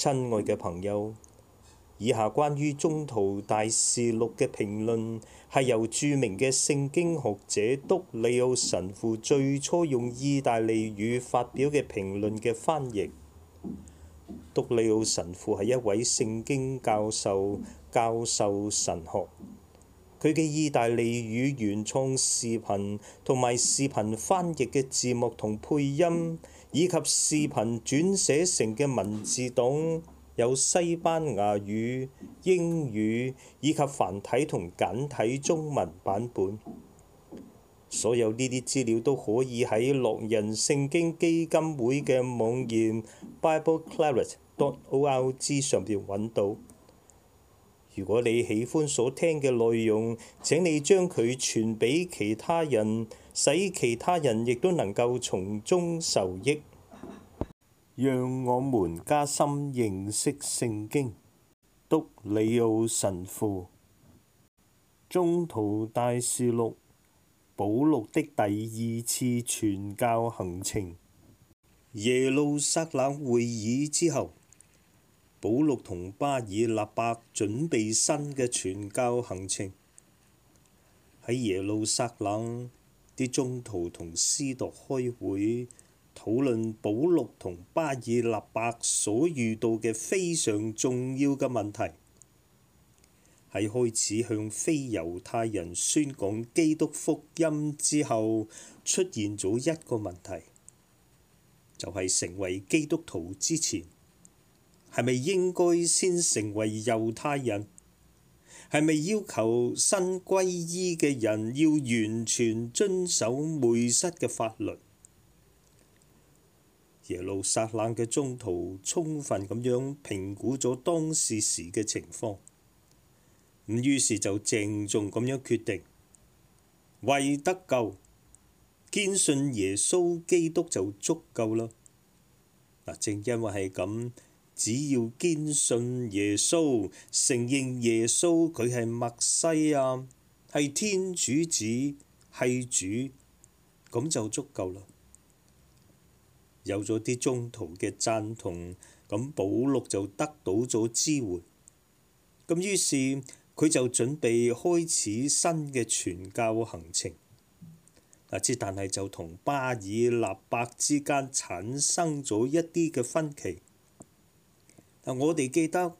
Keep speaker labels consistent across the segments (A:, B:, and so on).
A: 親愛嘅朋友，以下關於《宗徒大事錄》嘅評論係由著名嘅聖經學者篤利奧神父最初用意大利語發表嘅評論嘅翻譯。篤利奧神父係一位聖經教授、教授神學，佢嘅意大利語原創視頻同埋視頻翻譯嘅字幕同配音。以及視頻轉寫成嘅文字檔，有西班牙語、英語以及繁體同簡體中文版本。所有呢啲資料都可以喺樂仁聖經基金會嘅網頁 bibleclaret.org 上邊揾到。如果你喜歡所聽嘅內容，請你將佢傳俾其他人。使其他人亦都能夠從中受益， 讓我們加深認識聖經。督里奧神父宗徒大事錄保祿的第二次傳教行程， 耶路撒冷會議之後，保祿同巴爾納伯準備新嘅傳教行程，喺耶路撒冷。啲中途同師徒開會，討論保祿同巴爾納伯所遇到嘅非常重要嘅問題，係開始向非猶太人宣講基督福音之後出現咗一個問題，就係成為基督徒之前係咪應該先成為猶太人？係咪要求新皈依嘅人要完全遵守梅瑟嘅法律？耶路撒冷嘅宗徒充分咁樣評估咗當時時嘅情況，咁於是就鄭重咁樣決定，為得救，堅信耶穌基督就足夠啦。嗱，正因為係咁。只要堅信耶穌，承認耶穌佢係默西亞、啊，係天主子，係主，咁就足夠啦。有咗啲中途嘅贊同，咁保祿就得到咗支援。咁於是佢就準備開始新嘅傳教行程。嗱，只但係就同巴爾納伯之間產生咗一啲嘅分歧。我哋記得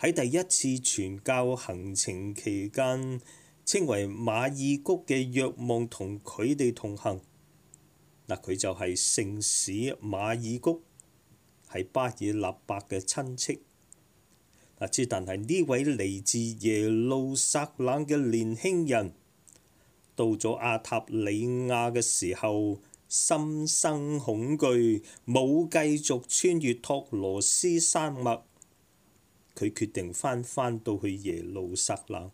A: 喺第一次傳教行程期間，稱為馬爾谷嘅約望同佢哋同行。嗱，佢就係聖史馬爾谷，係巴爾納伯嘅親戚。嗱，之但係呢位嚟自耶路撒冷嘅年輕人，到咗阿塔里亞嘅時候，心生恐懼，冇繼續穿越托羅斯山脈，佢決定翻翻到去耶路撒冷。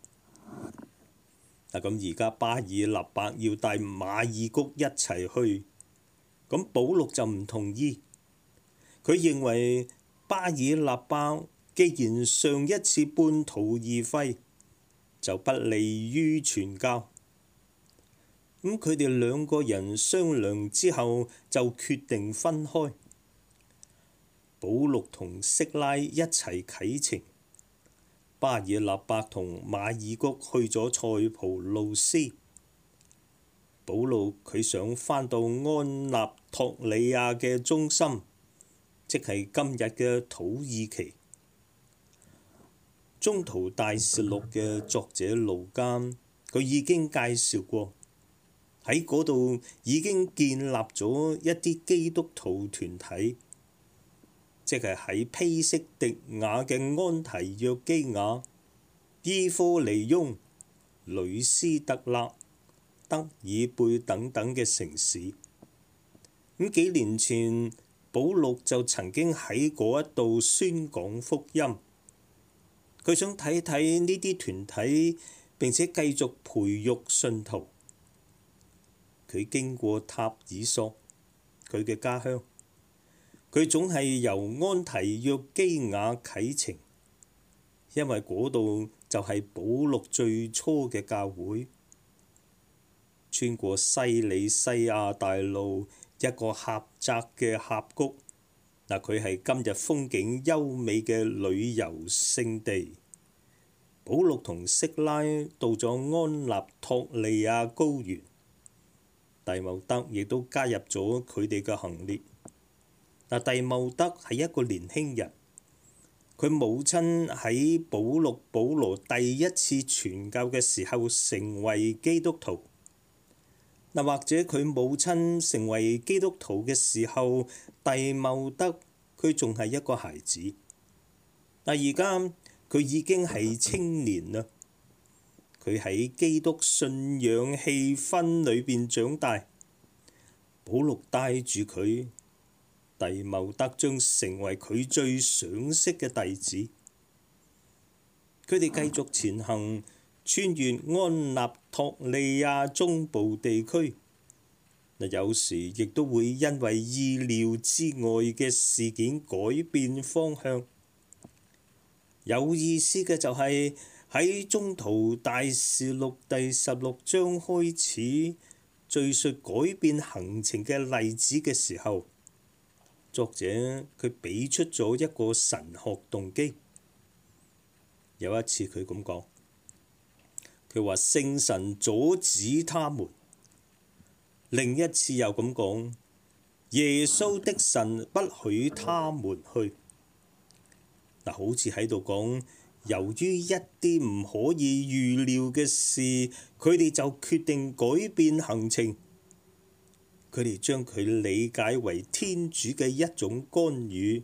A: 嗱，咁而家巴爾納伯要帶馬爾谷一齊去，咁保祿就唔同意。佢認為巴爾納伯既然上一次半途而廢，就不利於傳教。咁佢哋兩個人商量之後，就決定分開。保祿同色拉一齊啟程，巴爾納伯同馬爾谷去咗塞浦路斯。保祿佢想返到安納托利亞嘅中心，即係今日嘅土耳其。中途大事錄嘅作者路加，佢已經介紹過。喺嗰度已經建立咗一啲基督徒團體，即係喺披色迪亞嘅安提約基亞、伊科尼翁、雷斯特納、德爾貝等等嘅城市。咁幾年前，保祿就曾經喺嗰一度宣講福音，佢想睇睇呢啲團體，並且繼續培育信徒。佢經過塔爾索，佢嘅家鄉。佢總係由安提約基亞啓程，因為嗰度就係保祿最初嘅教會。穿過西里西亞大陸，一個狹窄嘅峽谷，嗱，佢係今日風景優美嘅旅遊勝地。保祿同色拉到咗安納托利亞高原。帝茂德亦都加入咗佢哋嘅行列。嗱，帝茂德係一個年輕人，佢母親喺保祿保羅第一次傳教嘅時候成為基督徒。嗱，或者佢母親成為基督徒嘅時候，帝茂德佢仲係一個孩子。嗱，而家佢已經係青年啦。佢喺基督信仰氣氛裏邊長大，保祿帶住佢，蒂茂德將成為佢最賞識嘅弟子。佢哋繼續前行，穿越安納托利亞中部地區。有時亦都會因為意料之外嘅事件改變方向。有意思嘅就係、是。喺《宗徒大事錄》第十六章開始敍述改變行程嘅例子嘅時候，作者佢俾出咗一個神學動機。有一次佢咁講，佢話聖神阻止他們；另一次又咁講，耶穌的神不許他們去。嗱，好似喺度講。由於一啲唔可以預料嘅事，佢哋就決定改變行程。佢哋將佢理解為天主嘅一種干預，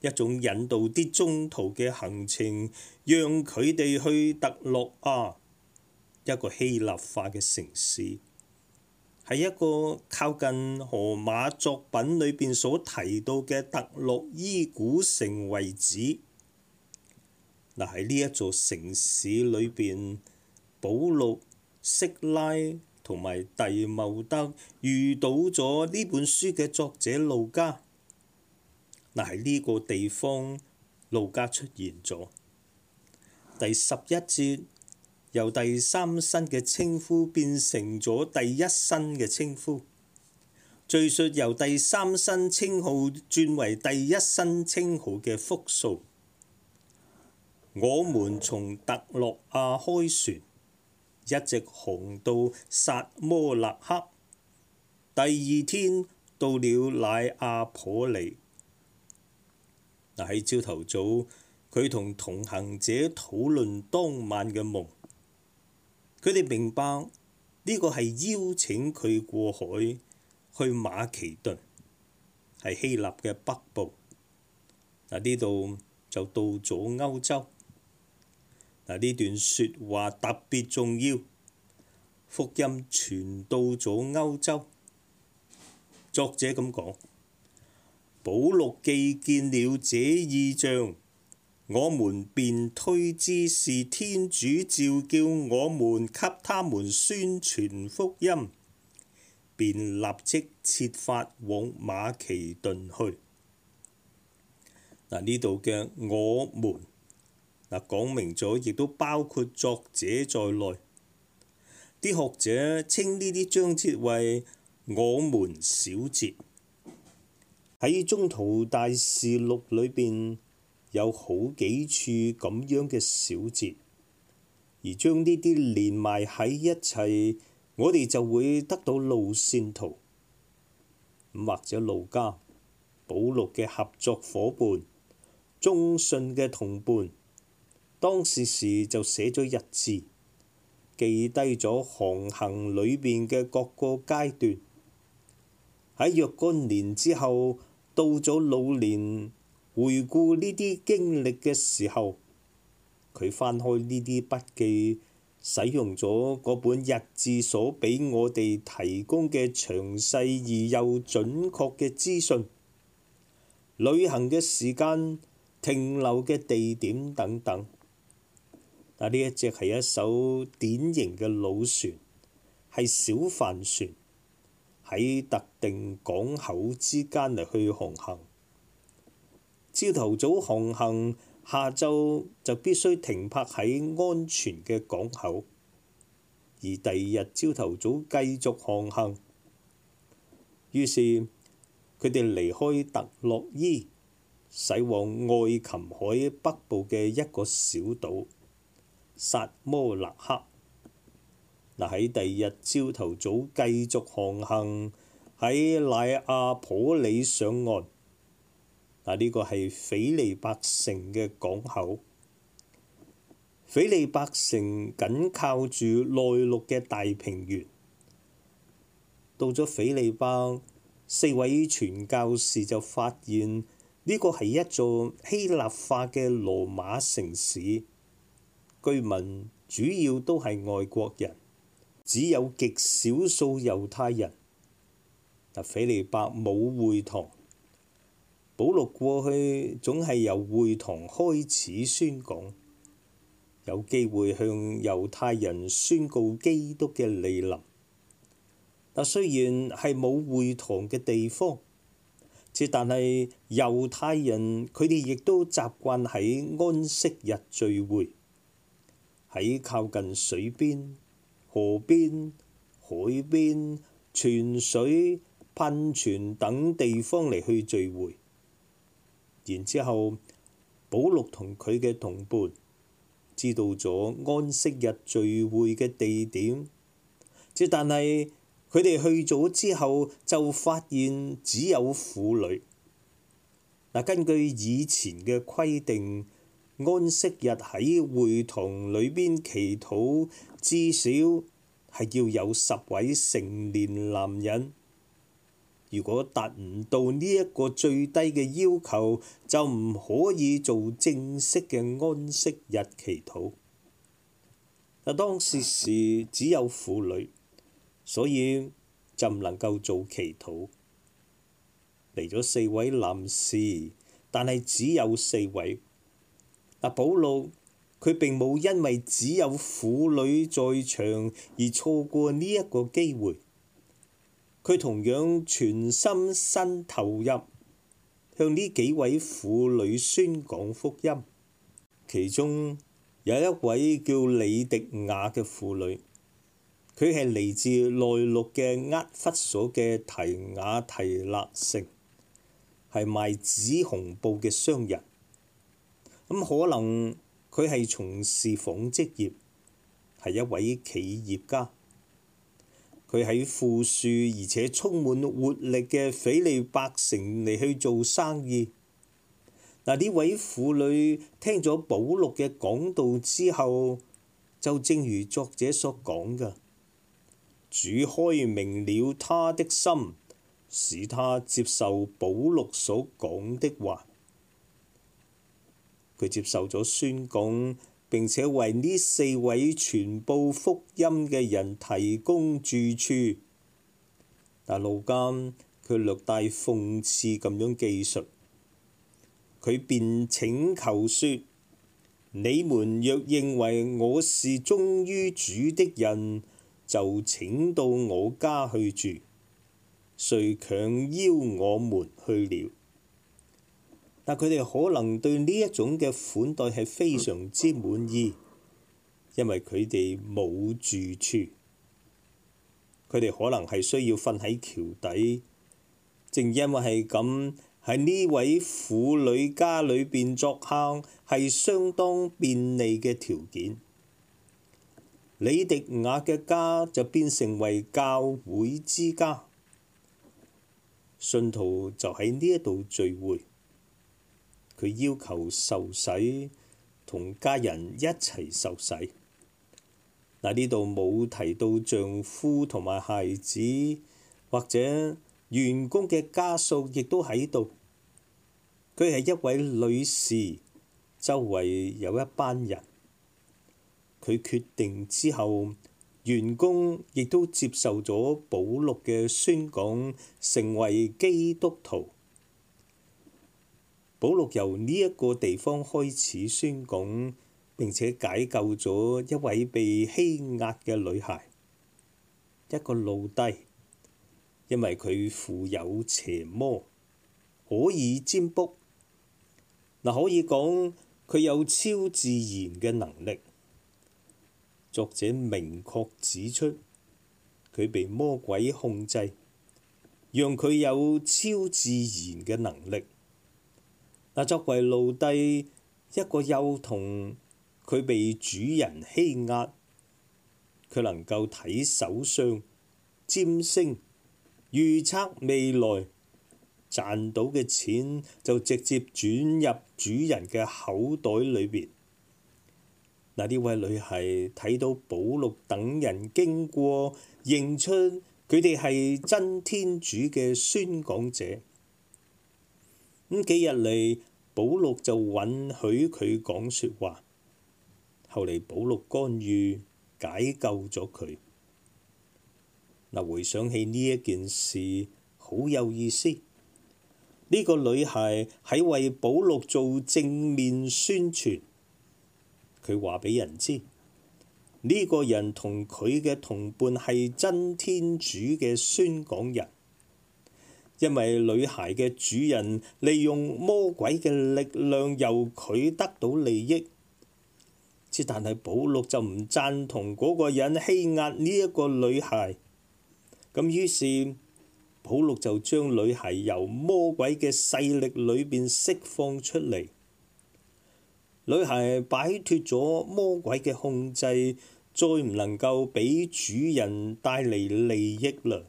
A: 一種引導啲中途嘅行程，讓佢哋去特洛亞，一個希臘化嘅城市，係一個靠近荷馬作品裏邊所提到嘅特洛伊古城遺址。但喺呢一座城市裏邊，保祿、色拉同埋弟茂德遇到咗呢本書嘅作者路加。但喺呢個地方，路加出現咗。第十一節，由第三身嘅稱呼變成咗第一身嘅稱呼。敘述由第三身稱號轉為第一身稱號嘅複數。我們從特洛亞開船，一直航到薩摩拉克。第二天到了乃阿婆利。喺朝頭早，佢同同行者討論當晚嘅夢。佢哋明白呢個係邀請佢過海去馬其頓，係希臘嘅北部。嗱，呢度就到咗歐洲。嗱，呢段說話特別重要。福音傳到咗歐洲，作者咁講：保祿既見了這異象，我們便推知是天主召叫我們給他們宣傳福音，便立即設法往馬其頓去。嗱，呢度嘅我們。嗱，講明咗，亦都包括作者在內。啲學者稱呢啲章節為我們小節。喺《中途大事錄》裏邊有好幾處咁樣嘅小節，而將呢啲連埋喺一齊，我哋就會得到路線圖。咁或者路加、保祿嘅合作伙伴、忠信嘅同伴。當時時就寫咗日誌，記低咗航行裏面嘅各個階段。喺若干年之後，到咗老年，回顧呢啲經歷嘅時候，佢翻開呢啲筆記，使用咗嗰本日誌所俾我哋提供嘅詳細而又準確嘅資訊，旅行嘅時間、停留嘅地點等等。啊！呢一隻係一艘典型嘅老船，係小帆船，喺特定港口之間嚟去航行。朝頭早航行，下晝就必須停泊喺安全嘅港口，而第二日朝頭早繼續航行。於是佢哋離開特洛伊，駛往愛琴海北部嘅一個小島。薩摩納克喺第二日朝頭早繼續航行，喺奈阿普里上岸。嗱，呢個係斐利百城嘅港口。斐利百城緊靠住內陸嘅大平原。到咗斐利百，四位傳教士就發現呢個係一座希臘化嘅羅馬城市。居民主要都係外國人，只有極少數猶太人。嗱，斐理伯冇會堂，保祿過去總係由會堂開始宣講，有機會向猶太人宣告基督嘅來臨。嗱，雖然係冇會堂嘅地方，但係猶太人佢哋亦都習慣喺安息日聚會。喺靠近水邊、河邊、海邊、泉水、噴泉等地方嚟去聚會，然之後保祿同佢嘅同伴知道咗安息日聚會嘅地點，只但係佢哋去咗之後就發現只有婦女。嗱，根據以前嘅規定。安息日喺會堂裏邊祈禱，至少係要有十位成年男人。如果達唔到呢一個最低嘅要求，就唔可以做正式嘅安息日祈禱。啊，當時是只有婦女，所以就唔能夠做祈禱。嚟咗四位男士，但係只有四位。阿保羅佢並冇因為只有婦女在場而錯過呢一個機會，佢同樣全心身投入向呢幾位婦女宣講福音。其中有一位叫李迪亞嘅婦女，佢係嚟自內陸嘅厄弗所嘅提雅提辣城，係賣紫紅布嘅商人。咁可能佢係從事紡織業，係一位企業家。佢喺富庶而且充滿活力嘅斐理伯城嚟去做生意。嗱，呢位婦女聽咗保祿嘅講道之後，就正如作者所講嘅，主開明了他的心，使他接受保祿所講的話。佢接受咗宣講，並且為呢四位傳布福音嘅人提供住處。但路監卻略帶諷刺咁樣記述，佢便請求說：你們若認為我是忠於主的人，就請到我家去住。誰強邀我們去了？但佢哋可能對呢一種嘅款待係非常之滿意，因為佢哋冇住處，佢哋可能係需要瞓喺橋底。正因為係咁，喺呢位婦女家裏面作客係相當便利嘅條件。李迪亞嘅家就變成為教會之家，信徒就喺呢一度聚會。佢要求受洗，同家人一齊受洗。嗱，呢度冇提到丈夫同埋孩子，或者員工嘅家屬亦都喺度。佢係一位女士，周圍有一班人。佢決定之後，員工亦都接受咗保祿嘅宣講，成為基督徒。保祿由呢一個地方開始宣講，並且解救咗一位被欺壓嘅女孩，一個奴隸，因為佢附有邪魔，可以占卜。嗱，可以講佢有超自然嘅能力。作者明確指出，佢被魔鬼控制，讓佢有超自然嘅能力。嗱，作為奴隸一個幼童，佢被主人欺壓，佢能夠睇手相、占星，預測未來，賺到嘅錢就直接轉入主人嘅口袋裏邊。嗱，呢位女孩睇到保祿等人經過，認出佢哋係真天主嘅宣講者。咁幾日嚟，保祿就允許佢講説話。後嚟保祿干預解救咗佢。嗱，回想起呢一件事，好有意思。呢個女孩喺為保祿做正面宣傳。佢話俾人知，呢個人同佢嘅同伴係真天主嘅宣講人。因為女孩嘅主人利用魔鬼嘅力量由佢得到利益，但係保祿就唔贊同嗰個人欺壓呢一個女孩，咁於是保祿就將女孩由魔鬼嘅勢力裏邊釋放出嚟，女孩擺脱咗魔鬼嘅控制，再唔能夠俾主人帶嚟利益啦。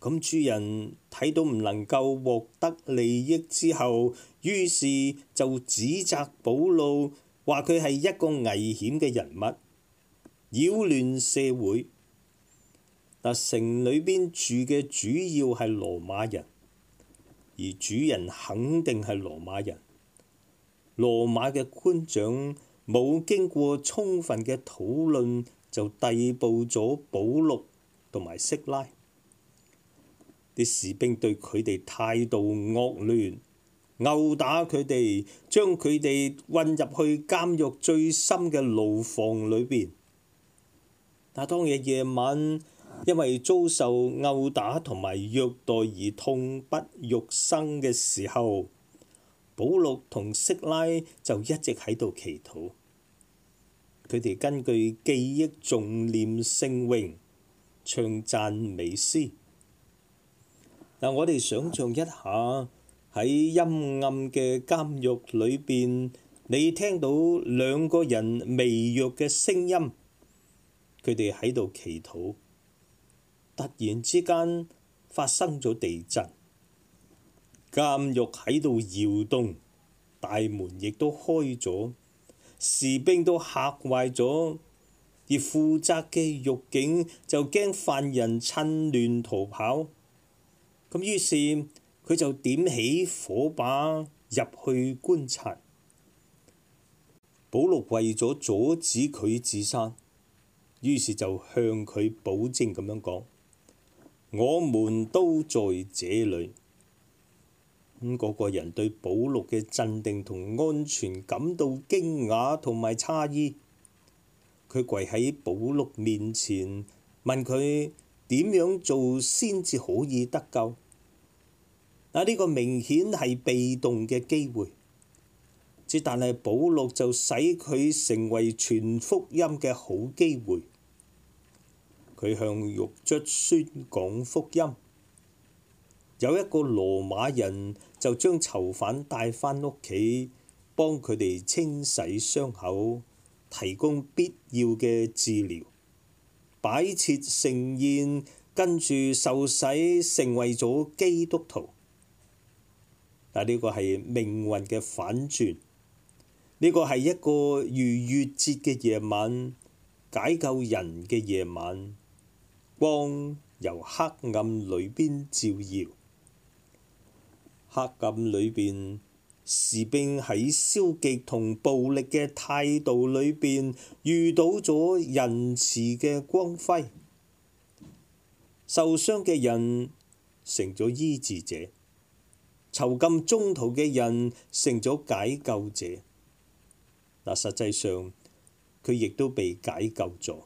A: 咁主人睇到唔能夠獲得利益之後，於是就指責保祿，話佢係一個危險嘅人物，擾亂社會。嗱，城裏邊住嘅主要係羅馬人，而主人肯定係羅馬人。羅馬嘅官長冇經過充分嘅討論，就逮捕咗保祿同埋息拉。啲士兵對佢哋態度惡劣，毆打佢哋，將佢哋運入去監獄最深嘅牢房裏邊。但當日夜晚，因為遭受毆打同埋虐待而痛不欲生嘅時候，保祿同色拉就一直喺度祈禱。佢哋根據記憶重念聖榮，唱讚美詩。嗱，我哋想象一下喺陰暗嘅監獄裏邊，你聽到兩個人微弱嘅聲音，佢哋喺度祈禱。突然之間發生咗地震，監獄喺度搖動，大門亦都開咗，士兵都嚇壞咗，而負責嘅獄警就驚犯人趁亂逃跑。咁於是佢就點起火把入去觀察。保祿為咗阻止佢自殺，於是就向佢保證咁樣講：我們都在這裡。咁個、嗰個人對保祿嘅鎮定同安全感到驚訝同埋詫異，佢跪喺保祿面前問佢。點樣做先至可以得救？啊！呢、這個明顯係被動嘅機會，只但係保祿就使佢成為傳福音嘅好機會。佢向獄卒宣講福音，有一個羅馬人就將囚犯帶返屋企，幫佢哋清洗傷口，提供必要嘅治療。擺設盛宴，跟住受洗成為咗基督徒。嗱，呢個係命運嘅反轉，呢個係一個逾越節嘅夜晚，解救人嘅夜晚，光由黑暗裏邊照耀，黑暗裏邊。士兵喺消極同暴力嘅態度裏邊遇到咗仁慈嘅光輝，受傷嘅人成咗醫治者，囚禁中途嘅人成咗解救者。嗱，實際上佢亦都被解救咗。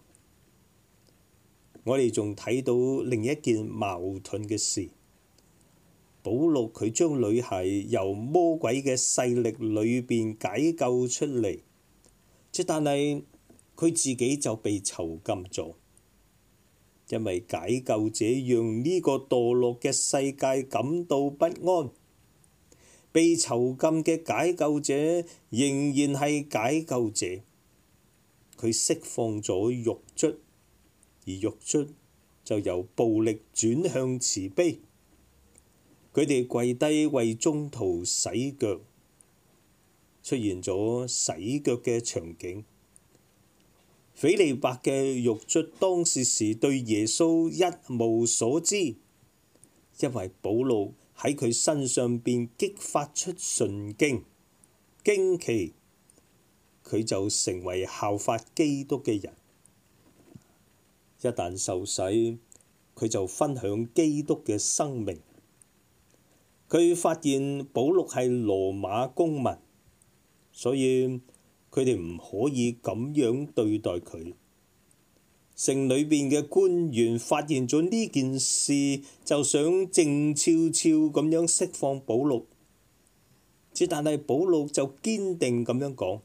A: 我哋仲睇到另一件矛盾嘅事。保祿佢將女孩由魔鬼嘅勢力裏邊解救出嚟，即係但係佢自己就被囚禁咗，因為解救者讓呢個墮落嘅世界感到不安。被囚禁嘅解救者仍然係解救者，佢釋放咗獄卒，而獄卒就由暴力轉向慈悲。佢哋跪低為中途洗腳，出現咗洗腳嘅場景。斐利伯嘅獄卒當時係對耶穌一無所知，因為保祿喺佢身上邊激發出信經，驚奇，佢就成為效法基督嘅人。一旦受洗，佢就分享基督嘅生命。佢發現保祿係羅馬公民，所以佢哋唔可以咁樣對待佢。城裏邊嘅官員發現咗呢件事，就想靜悄悄咁樣釋放保祿。只但係保祿就堅定咁樣講：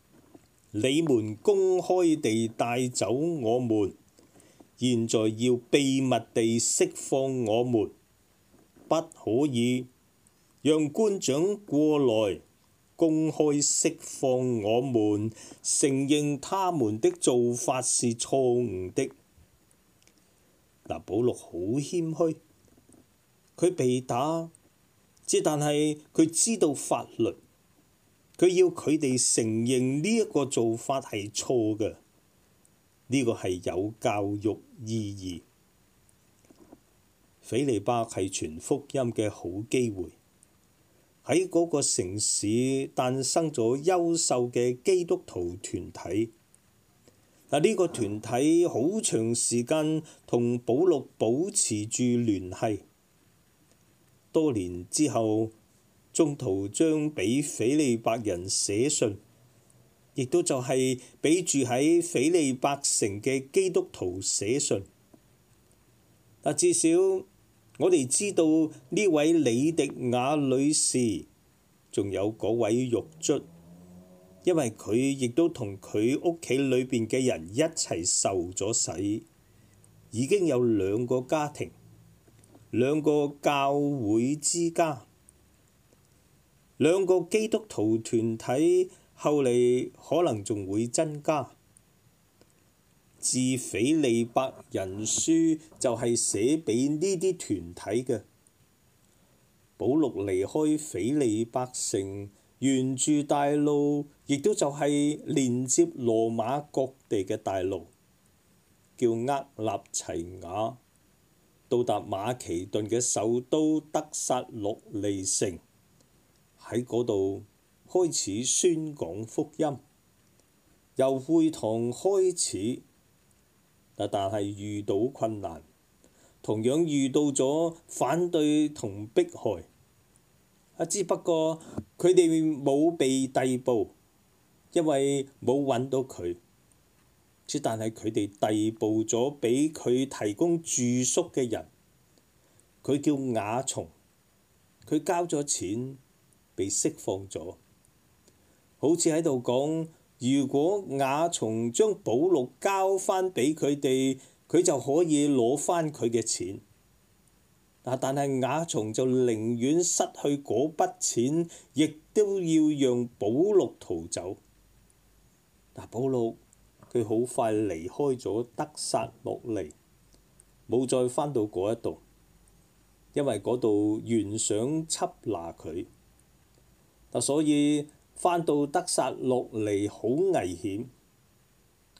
A: 「你們公開地帶走我們，現在要秘密地釋放我們。不可以讓官長過來公開釋放我們，承認他們的做法是錯誤的。嗱，保祿好謙虛，佢被打，即但係佢知道法律，佢要佢哋承認呢一個做法係錯嘅，呢個係有教育意義。腓利伯係傳福音嘅好機會，喺嗰個城市誕生咗優秀嘅基督徒團體。嗱，呢個團體好長時間同保祿保持住聯繫。多年之後，中途將俾腓利伯人寫信，亦都就係俾住喺腓利伯城嘅基督徒寫信。嗱，至少。我哋知道呢位李迪雅女士，仲有嗰位獄卒，因為佢亦都同佢屋企裏邊嘅人一齊受咗洗，已經有兩個家庭，兩個教會之家，兩個基督徒團體，後嚟可能仲會增加。自斐利伯人書就係寫俾呢啲團體嘅。保祿離開斐利伯城，沿，沿住大路，亦都就係連接羅馬各地嘅大路，叫厄納齊亞，到達馬其頓嘅首都德薩洛利城，喺嗰度開始宣講福音，由會堂開始。但係遇到困難，同樣遇到咗反對同迫害，一之不過佢哋冇被逮捕，因為冇揾到佢。之但係佢哋逮捕咗俾佢提供住宿嘅人，佢叫雅松，佢交咗錢，被釋放咗，好似喺度講。如果雅松將保祿交返俾佢哋，佢就可以攞返佢嘅錢。但係雅松就寧願失去嗰筆錢，亦都要讓保祿逃走。嗱，保祿佢好快離開咗德薩洛尼，冇再返到嗰一度，因為嗰度原想緝拿佢。嗱，所以。翻到得撒洛尼好危險，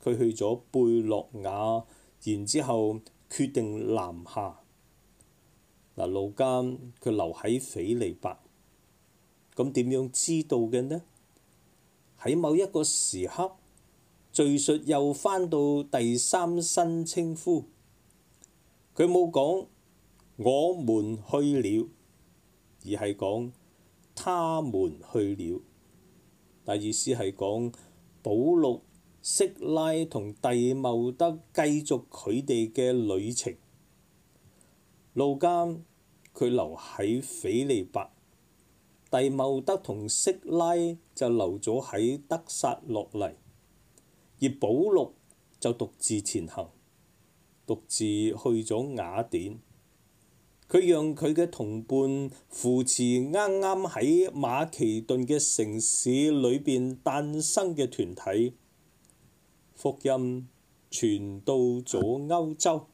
A: 佢去咗貝洛雅，然之後決定南下。嗱，路加佢留喺斐理伯，咁點樣知道嘅呢？喺某一個時刻，敘述又翻到第三身稱呼，佢冇講我們去了，而係講他們去了。但係意思係講保祿、色拉同蒂茂德繼續佢哋嘅旅程。路監佢留喺斐理伯，蒂茂德同色拉就留咗喺德撒洛尼，而保祿就獨自前行，獨自去咗雅典。佢讓佢嘅同伴扶持啱啱喺馬其頓嘅城市裏邊誕生嘅團體，福音傳到咗歐洲。